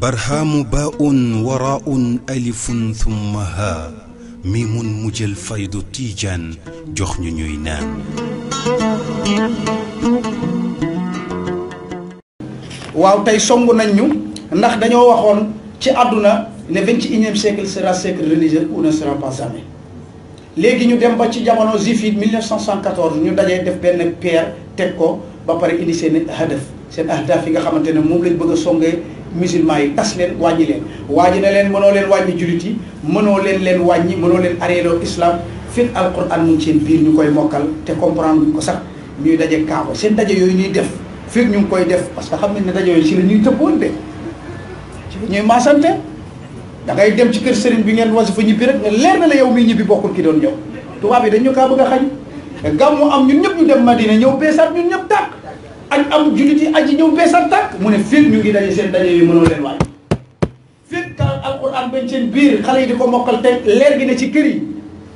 barhaamu baa'un waraa'un alifun thumma haa miimun mu jël faydu tiijaan jox ñu ñuy naan. waaw tey song nañ ñu ndax dañoo waxoon ci àdduna le vingt et sera siècle religieux ou ne sera léegi ñu dem ba ci jamono juif yi 1914 ñu dajee def benn pierre teg ko ba pare indi seen hadaf seen ahdaf yi nga xamante ne moom lañ bëgg a songee musulman yi tas leen wàññi leen wàññi na leen mënoo leen wàññi jullit yi mënoo leen leen wàññi mënoo leen areeloo islam fekk alquran mu ngi seen biir ñu koy mokkal te comprendre ñu ko sax ñuy daje kaaba seen daje yooyu ñuy def fekk ñu ngi koy def parce que xam nañ ne daje yooyu si la ñuy tëbboon de ñuy maasante da ngay dem ci kër sëriñ bi ngeen wasi fa ñibbi rek leer na la yow miy ñibbi bokkul ki doon ñëw tubaab yi dañu kaa bëgg a xañ gàmmu am ñun ñëpp ñu dem Madina ñëw beesaat ñun ñëpp tàkk añ am jullit yi aji ñëw beesaat tàkk mu ne fépp ñu ngi daje seen daje yi mënoo leen waaj fépp ka alquran bañ seen biir xale yi di ko mokkal te leer gi ne ci kër yi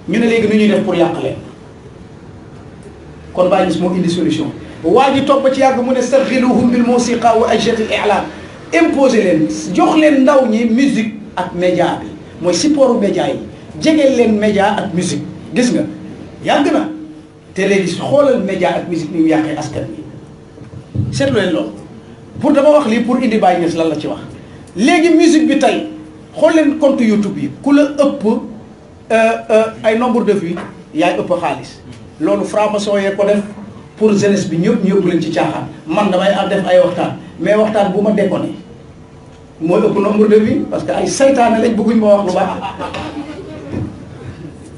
ñu ne léegi nu ñuy def pour yàq leen kon bàyyi gis moo indi solution waa ji topp ci yàgg mu ne sarxiluhum bil musiqa wa ajati al i'lam imposé leen jox leen ndaw ñi musique ak média bi mooy supportu média yi jegeel leen média ak musique gis nga yàgg na télévision xoolal média ak musique ni mu yàqee askan bi seetlu leen loolu pour dama wax lii pour indi Baye Niass lan la ci wax léegi musique bi tey xool leen compte YouTube yi ku la ëpp euh, euh, ay nombre de vues yaay ëpp xaalis loolu franc-maçon yee ko def pour jeunesse bi ñëpp ñu yóbbu leen ci caaxaan man damay am def ay waxtaan mais waxtaan bu ma nii mooy ëpp nombre de vie parce que ay saytaane lañ bëgguñ ma wax lu baax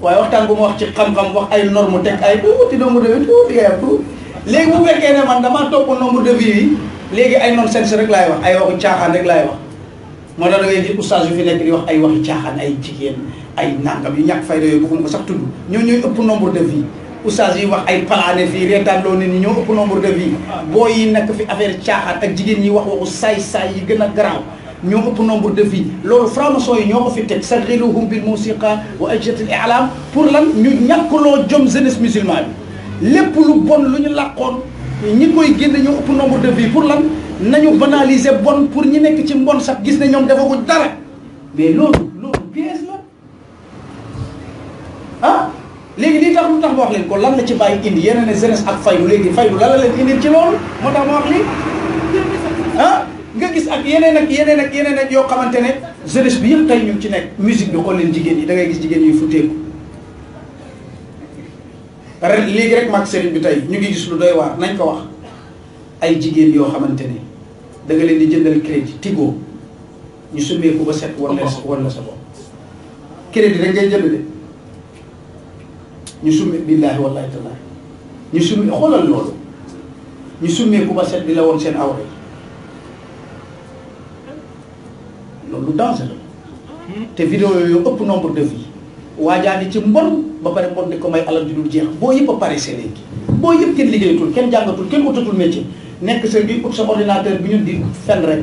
waaye waxtaan bu mu wax ci xam-xam wax ay norme teg ay tuuti nombre de vie tuuti bu fekkee ne man damaa topp nombre de vie léegi ay non sens rek laay wax ay waxu caaxaan rek laay wax moo tax la ngay gis oustaz yu fi wax ay waxi caaxaan ay jigéen ay nangam yu ñàkk fayda yooyu bëgguñ ko sax tudd ñoo ñooy ëpp nombre de vie oustaz yi wax ay palaane fii reetaan loo nit ñi ñoo ëpp nombre de vie boo yi nekk fi affaire caaxaan ak jigéen ñi wax waxu saay saay yi gën a garaaw ñoo ëpp nombre de vie loolu franc-maçon yi ñoo ko fi teg sarriluhum bil musiqa wa ajrat al i'lam lan ñu ñàkkaloo jom jeunesse musulman bi lépp lu bon lu ñu làqoon ñi koy génne ñoo ëpp nombre de vie pour lan nañu banaliser bon pour ñi nekk ci mbon sax gis ne ñoom dafa dara mais loolu loolu bi la ah léegi lii tax lu tax ma wax leen ko lan la ci bàyyi indi yeneen jeunesse ak faydu léegi faydu lan la leen indil ci loolu moo tax ma nga gis ak yeneen ak yeneen ak yeneen ak yoo xamante ne jeunesse bi yëpp tey ñu ci nekk musique bi xool leen jigéen yi da gis jigéen yuy futteeku ren léegi rek mag sëriñ bi tey ñu ngi gis lu nañ ko wax ay jigéen yoo xamante ne da leen di jëndal crédit tigo ñu summeeku ba set wala wala sa bopp crédit rek ngay jënd ñu summi billaahi wallaahi tallaahi ñu summi xoolal loolu ñu summeeku ba set di la woon seen awra loolu lu danger la te vidéo yooyu ëpp nombre de vues waajaani ci mbon ba pare mbon di ko may alal di dul jeex boo yëpp a pare see léegi boo yëpp kenn liggéeyatul kenn jàngatul kenn utatul ci nekk sa di ut sa ordinateur bi ñu di fenn rek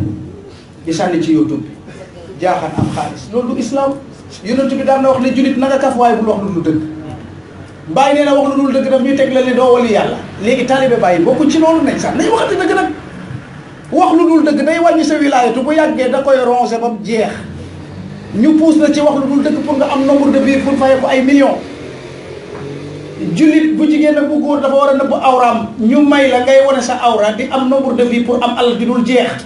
di sànni ci youtube bi jaaxaan am xaalis loolu du islam yonent bi daan na wax ne julit na nga kaf waaye bul wax lu dul dëgg bàyyi nee na wax lu dul dëgg daf ñuy teg la ne doo wali yàlla léegi taalibe bàyyi bokkuñ ci loolu nañ sax nañ waxante wax lu dul dëgg day wàññi sa wilaayatu bu yàggee da koy rongé ba mu jeex ñu puus la ci wax lu dul dëgg pour nga am nombre de biir pour fayee ko ay millions. jullit bu jigéen ak bu góor dafa war a nëbb awraam ñu may la ngay wane sa awra di am nombre de vie pour am alal di dul jeex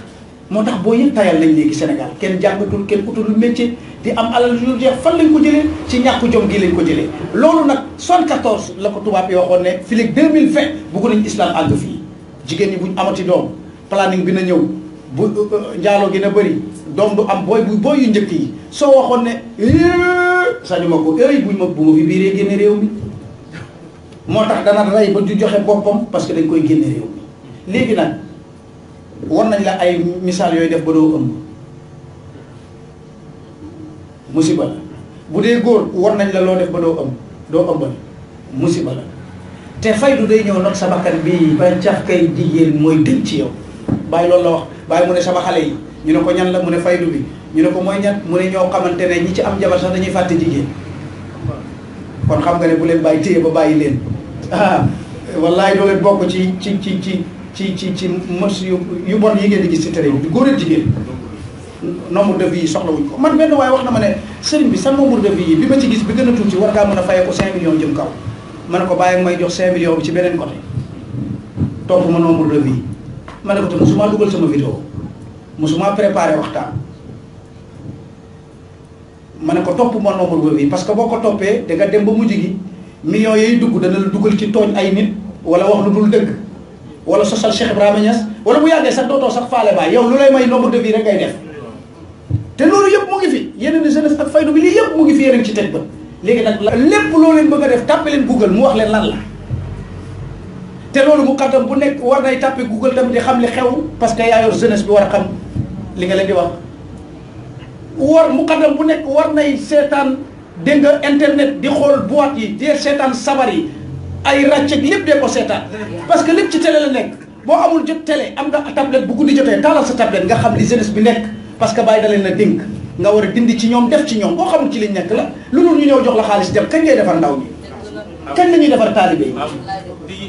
moo tax boo yëg tayal lañ léegi Sénégal kenn jàngatul kenn utalul métier di am alal di dul jeex fan lañ ko jëlee ci ñàkk jom gi lañ ko jëlee. loolu nag 74 la ko tubaab yi waxoon ne fii léegi 2020 bëgg nañu islam àgg fii jigéen ñi buñ amati doom. planning bi na ñëw bu njaalo gi na bëri doom du am booy bu booy yu njëkk yi soo waxoon ne sañu ma ko éy buñ ma bu fi biiree génne réew mi moo tax dana rey ba du joxe boppam parce que dañ koy génne réew mi léegi nag war nañ la ay misaal yooyu def ba doo ëmb musiba la bu dee góor war nañ la loo def ba doo ëmb doo ëmbal musiba la te faydu day ñëw nag sa bakkan bii ba cax kay jigéen mooy dëñ ci yow bàyyi loolu la wax bàyyi mu ne sama xale yi ñu ne ko ñan la mu ne faydu bi ñu ne ko mooy ñan mu ne ñoo xamante ñi ci am jabar sax dañuy fàtte jigéen kon xam nga ne bu leen bàyyi téye ba bàyyi leen ah wallaay doo bok bokk ci ci ci ci ci ci ci mos yu yu bon yi ngeen di gis ci tere bi góor ak de vie soxla wuñ ko man benn waaye wax na ma ne sëriñ bi sa nombre de vie bi ma ci gis bi gën tuuti war ngaa mën a ko 5 millions jëm kaw ma ko bàyyi may jox 5 millions bi ci côté ma de vie ma ne ko te mosuma dugal sama vidéo mosuma préparé waxtaan ma ne ko topp ma nombre boobu yi parce que boo ko toppee da nga dem ba mujj gi million yooyu dugg dana la dugal ci tooñ ay nit wala wax lu dul dëgg wala sosal Cheikh Ibrahima Niass wala bu yàggee sax dootoo sax faale baay yow lu lay may nombre de vie rek ngay def te loolu yëpp mu ngi fi yeneen i jeunesse ak faydu bi lii yëpp mu ngi fi yeneen ci teg ba léegi nag lépp loo leen bëgg a def tàppe leen Google mu wax leen lan te loolu mu xaddam bu nekk war nay tàppe google tamit di xam li xew parce que yaa yor jeunesse bi war a xam li nga leen di wax war mu xaddam bu nekk war nay seetaan dégg nga internet di xool bu boîte yi de seetaan sabar yi ay ràcceeg lépp dee ko seetaan parce que lépp ci télé la nekk boo amul jot télé am nga tablette bu guddi jotee taalal sa tablette nga xam li jeunesse bi nekk parce que bàyyi da leen a dénk nga war a dindi ci ñoom def ci ñoom boo xamul ci liñ nekk la lu dul ñu ñëw jox la xaalis dem kañ ngay defar ndaw ñi kañ la ñuy defar taalibe yi